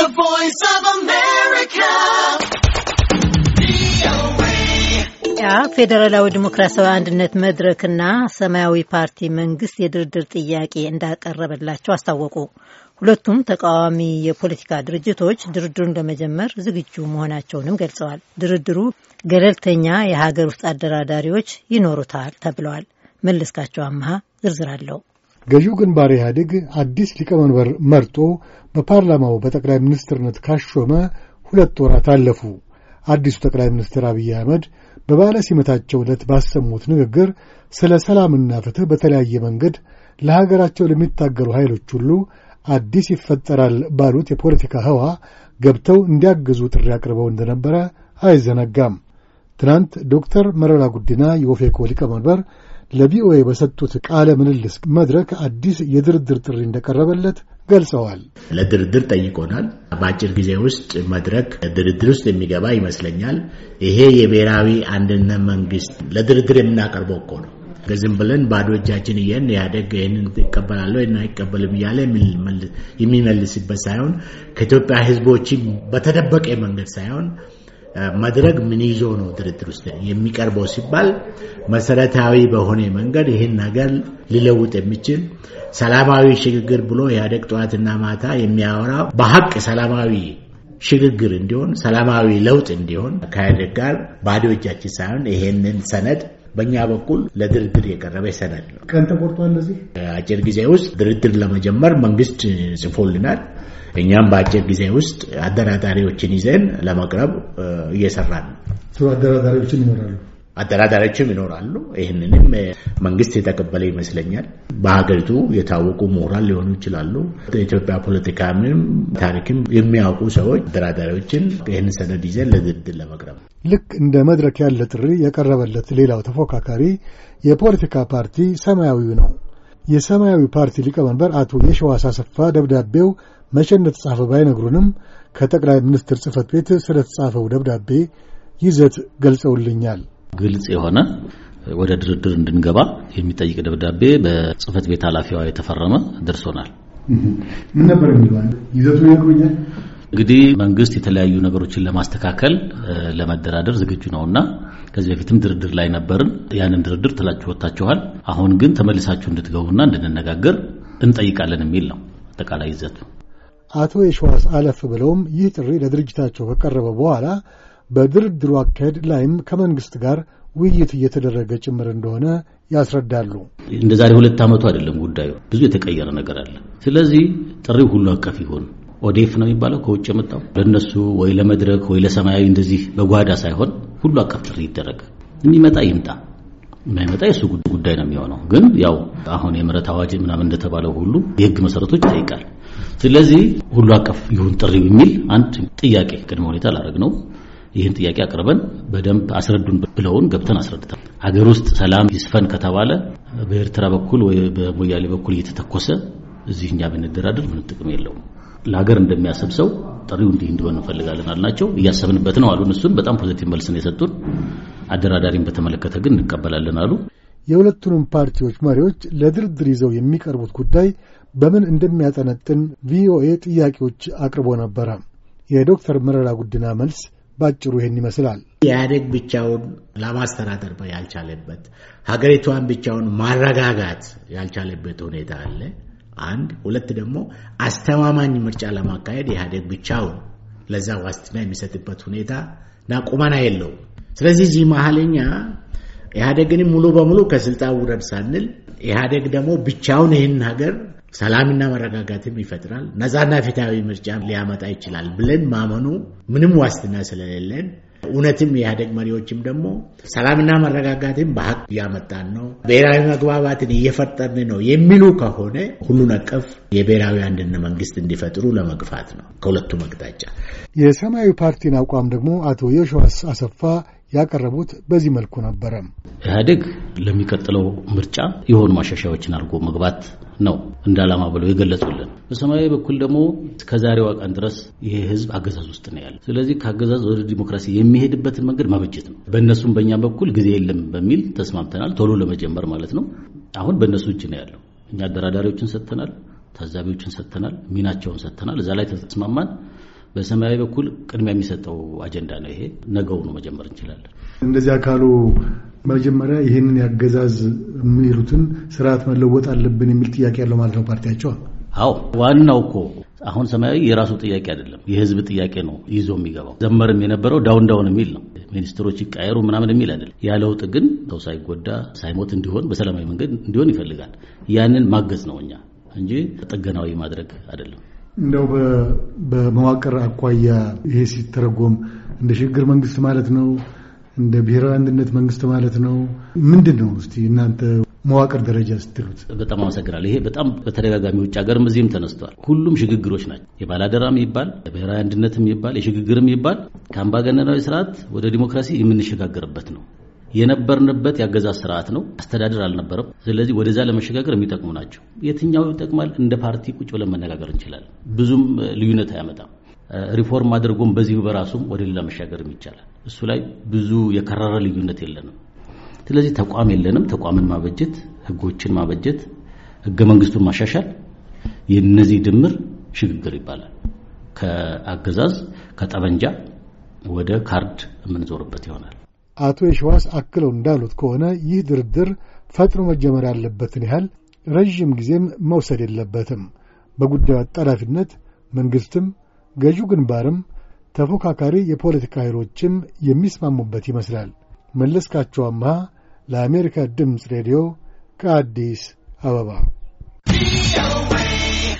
The Voice of America. ፌዴራላዊ ዲሞክራሲያዊ አንድነት መድረክና ሰማያዊ ፓርቲ መንግስት የድርድር ጥያቄ እንዳቀረበላቸው አስታወቁ። ሁለቱም ተቃዋሚ የፖለቲካ ድርጅቶች ድርድሩን ለመጀመር ዝግጁ መሆናቸውንም ገልጸዋል። ድርድሩ ገለልተኛ የሀገር ውስጥ አደራዳሪዎች ይኖሩታል ተብለዋል። መለስካቸው አመሀ ዝርዝር አለው። ገዢው ግንባር ኢህአዴግ አዲስ ሊቀመንበር መርጦ በፓርላማው በጠቅላይ ሚኒስትርነት ካሾመ ሁለት ወራት አለፉ። አዲሱ ጠቅላይ ሚኒስትር አብይ አህመድ በባለ ሲመታቸው ዕለት ባሰሙት ንግግር ስለ ሰላምና ፍትሕ በተለያየ መንገድ ለሀገራቸው ለሚታገሉ ኃይሎች ሁሉ አዲስ ይፈጠራል ባሉት የፖለቲካ ህዋ ገብተው እንዲያግዙ ጥሪ አቅርበው እንደነበረ አይዘነጋም። ትናንት ዶክተር መረራ ጉዲና የኦፌኮ ሊቀመንበር ለቪኦኤ በሰጡት ቃለ ምልልስ መድረክ አዲስ የድርድር ጥሪ እንደቀረበለት ገልጸዋል። ለድርድር ጠይቆናል። በአጭር ጊዜ ውስጥ መድረክ ድርድር ውስጥ የሚገባ ይመስለኛል። ይሄ የብሔራዊ አንድነት መንግስት ለድርድር የምናቀርበው እኮ ነው። ዝም ብለን ባዶ እጃችን እየን ያደግ ይህንን ይቀበላለሁ ይህን አይቀበልም እያለ የሚመልስበት ሳይሆን ከኢትዮጵያ ህዝቦች በተደበቀ መንገድ ሳይሆን መድረግ ምን ይዞ ነው ድርድር ውስጥ የሚቀርበው ሲባል መሰረታዊ በሆነ መንገድ ይህን ነገር ሊለውጥ የሚችል ሰላማዊ ሽግግር ብሎ ኢህአደግ ጠዋትና ማታ የሚያወራ በሀቅ ሰላማዊ ሽግግር እንዲሆን ሰላማዊ ለውጥ እንዲሆን ከኢህአደግ ጋር ባዶ እጃችን ሳይሆን ይሄንን ሰነድ በእኛ በኩል ለድርድር የቀረበ ሰነድ ነው። ቀን ተቆርጧል። እዚህ አጭር ጊዜ ውስጥ ድርድር ለመጀመር መንግስት ጽፎልናል። እኛም በአጭር ጊዜ ውስጥ አደራዳሪዎችን ይዘን ለመቅረብ እየሰራን ነው። አደራዳሪዎችን ይኖራሉ አደራዳሪዎችም ይኖራሉ። ይህንንም መንግስት የተቀበለ ይመስለኛል። በሀገሪቱ የታወቁ ምሁራን ሊሆኑ ይችላሉ። ኢትዮጵያ ፖለቲካምም ታሪክም የሚያውቁ ሰዎች አደራዳሪዎችን ይህን ሰነድ ይዘን ለድርድር ለመቅረብ ልክ እንደ መድረክ ያለ ጥሪ የቀረበለት ሌላው ተፎካካሪ የፖለቲካ ፓርቲ ሰማያዊው ነው። የሰማያዊ ፓርቲ ሊቀመንበር አቶ የሸዋስ አሰፋ ደብዳቤው መቼ እንደተጻፈ ባይነግሩንም ከጠቅላይ ሚኒስትር ጽህፈት ቤት ስለተጻፈው ደብዳቤ ይዘት ገልጸውልኛል። ግልጽ የሆነ ወደ ድርድር እንድንገባ የሚጠይቅ ደብዳቤ በጽህፈት ቤት ኃላፊዋ የተፈረመ ደርሶናል። ምን ነበር ይዘቱ? ያቆኛል እንግዲህ መንግስት የተለያዩ ነገሮችን ለማስተካከል ለመደራደር ዝግጁ ነውና ከዚህ በፊትም ድርድር ላይ ነበርን። ያንን ድርድር ትላችሁ ወጥታችኋል። አሁን ግን ተመልሳችሁ እንድትገቡና እንድንነጋገር እንጠይቃለን የሚል ነው አጠቃላይ ይዘቱ። አቶ የሸዋስ አለፍ ብለውም ይህ ጥሪ ለድርጅታቸው ከቀረበ በኋላ በድርድሩ አካሄድ ላይም ከመንግስት ጋር ውይይት እየተደረገ ጭምር እንደሆነ ያስረዳሉ። እንደ ዛሬ ሁለት ዓመቱ አይደለም ጉዳዩ፣ ብዙ የተቀየረ ነገር አለ። ስለዚህ ጥሪው ሁሉ አቀፍ ይሆን ኦዴፍ ነው የሚባለው ከውጭ የመጣው ለነሱ ወይ ለመድረክ ወይ ለሰማያዊ እንደዚህ በጓዳ ሳይሆን ሁሉ አቀፍ ጥሪ ይደረግ። የሚመጣ ይምጣ፣ የማይመጣ የእሱ ጉዳይ ነው የሚሆነው። ግን ያው አሁን የምህረት አዋጅ ምናምን እንደተባለው ሁሉ የህግ መሰረቶች ይጠይቃል። ስለዚህ ሁሉ አቀፍ ይሁን ጥሪው የሚል አንድ ጥያቄ ቅድመ ሁኔታ ላደረግ ነው። ይህን ጥያቄ አቅርበን በደንብ አስረዱን ብለውን ገብተን አስረድተን ሀገር ውስጥ ሰላም ይስፈን ከተባለ በኤርትራ በኩል ወይ በሞያሌ በኩል እየተተኮሰ እዚህ እኛ ብንደራደር ምንም ጥቅም የለውም። ለሀገር እንደሚያሰብ ሰው ጥሪው እንዲህ እንዲሆን እንፈልጋለን አልናቸው። እያሰብንበት ነው አሉን። እሱን በጣም ፖዚቲቭ መልስን የሰጡን። አደራዳሪን በተመለከተ ግን እንቀበላለን አሉ። የሁለቱንም ፓርቲዎች መሪዎች ለድርድር ይዘው የሚቀርቡት ጉዳይ በምን እንደሚያጠነጥን ቪኦኤ ጥያቄዎች አቅርቦ ነበረ። የዶክተር መረራ ጉዲና መልስ ባጭሩ ይህን ይመስላል። ኢህአዴግ ብቻውን ለማስተዳደር ያልቻለበት፣ ሀገሪቷን ብቻውን ማረጋጋት ያልቻለበት ሁኔታ አለ። አንድ ሁለት ደግሞ አስተማማኝ ምርጫ ለማካሄድ ኢህአዴግ ብቻውን ለዛ ዋስትና የሚሰጥበት ሁኔታ እና ቁመና የለውም። ስለዚህ እዚህ መሀልኛ ኢህአዴግንም ሙሉ በሙሉ ከስልጣን ውረድ ሳንል ኢህአዴግ ደግሞ ብቻውን ይህን ሀገር ሰላምና መረጋጋትም ይፈጥራል፣ ነፃና ፊታዊ ምርጫ ሊያመጣ ይችላል ብለን ማመኑ ምንም ዋስትና ስለሌለን እውነትም የኢህአደግ መሪዎችም ደግሞ ሰላምና መረጋጋትን በሀቅ እያመጣን ነው፣ ብሔራዊ መግባባትን እየፈጠርን ነው የሚሉ ከሆነ ሁሉን አቀፍ የብሔራዊ አንድነት መንግስት እንዲፈጥሩ ለመግፋት ነው ከሁለቱም አቅጣጫ። የሰማያዊ ፓርቲን አቋም ደግሞ አቶ የሸዋስ አሰፋ ያቀረቡት በዚህ መልኩ ነበረ። ኢህአዴግ ለሚቀጥለው ምርጫ የሆኑ ማሻሻያዎችን አድርጎ መግባት ነው እንደ ዓላማ ብለው የገለጹልን። በሰማያዊ በኩል ደግሞ ከዛሬዋ ቀን ድረስ ይሄ ህዝብ አገዛዝ ውስጥ ነው ያለ። ስለዚህ ከአገዛዝ ወደ ዲሞክራሲ የሚሄድበትን መንገድ ማበጀት ነው። በእነሱም በእኛ በኩል ጊዜ የለም በሚል ተስማምተናል። ቶሎ ለመጀመር ማለት ነው። አሁን በእነሱ እጅ ነው ያለው። እኛ አደራዳሪዎችን ሰጥተናል፣ ታዛቢዎችን ሰጥተናል፣ ሚናቸውን ሰጥተናል። እዛ ላይ ተስማማን። በሰማያዊ በኩል ቅድሚያ የሚሰጠው አጀንዳ ነው ይሄ። ነገው ነው መጀመር እንችላለን። እንደዚያ አካሉ መጀመሪያ ይህንን ያገዛዝ የሚሉትን ስርዓት መለወጥ አለብን የሚል ጥያቄ ያለው ማለት ነው ፓርቲያቸው። አዎ ዋናው እኮ አሁን ሰማያዊ የራሱ ጥያቄ አይደለም፣ የህዝብ ጥያቄ ነው ይዞ የሚገባው። ዘመርም የነበረው ዳውን ዳውን የሚል ነው፣ ሚኒስትሮች ይቃየሩ ምናምን የሚል አይደለም። ያ ለውጥ ግን ሰው ሳይጎዳ ሳይሞት እንዲሆን በሰላማዊ መንገድ እንዲሆን ይፈልጋል። ያንን ማገዝ ነው እኛ እንጂ ጥገናዊ ማድረግ አይደለም። እንደው በመዋቅር አኳያ ይሄ ሲተረጎም እንደ ሽግግር መንግስት ማለት ነው እንደ ብሔራዊ አንድነት መንግስት ማለት ነው። ምንድን ነው እስቲ እናንተ መዋቅር ደረጃ ስትሉት? በጣም አመሰግናል። ይሄ በጣም በተደጋጋሚ ውጭ ሀገርም እዚህም ተነስተዋል። ሁሉም ሽግግሮች ናቸው። የባላደራም ይባል የብሔራዊ አንድነትም ይባል የሽግግርም ይባል ከአምባገነናዊ ስርዓት ወደ ዲሞክራሲ የምንሸጋገርበት ነው። የነበርንበት የአገዛዝ ስርዓት ነው። አስተዳደር አልነበረም። ስለዚህ ወደዛ ለመሸጋገር የሚጠቅሙ ናቸው። የትኛው ይጠቅማል? እንደ ፓርቲ ቁጭ ብለን መነጋገር እንችላለን። ብዙም ልዩነት አያመጣም። ሪፎርም አድርጎም በዚሁ በራሱም ወደ ሌላ መሻገርም ይቻላል። እሱ ላይ ብዙ የከረረ ልዩነት የለንም። ስለዚህ ተቋም የለንም። ተቋምን ማበጀት፣ ህጎችን ማበጀት፣ ህገ መንግስቱን ማሻሻል የነዚህ ድምር ሽግግር ይባላል። ከአገዛዝ ከጠመንጃ ወደ ካርድ የምንዞርበት ይሆናል። አቶ የሸዋስ አክለው እንዳሉት ከሆነ ይህ ድርድር ፈጥኖ መጀመር ያለበትን ያህል ረዥም ጊዜም መውሰድ የለበትም። በጉዳዩ አጣዳፊነት መንግስትም ገዢው ግንባርም ተፎካካሪ የፖለቲካ ኃይሎችም የሚስማሙበት ይመስላል። መለስካቸው አምሃ ለአሜሪካ ድምፅ ሬዲዮ ከአዲስ አበባ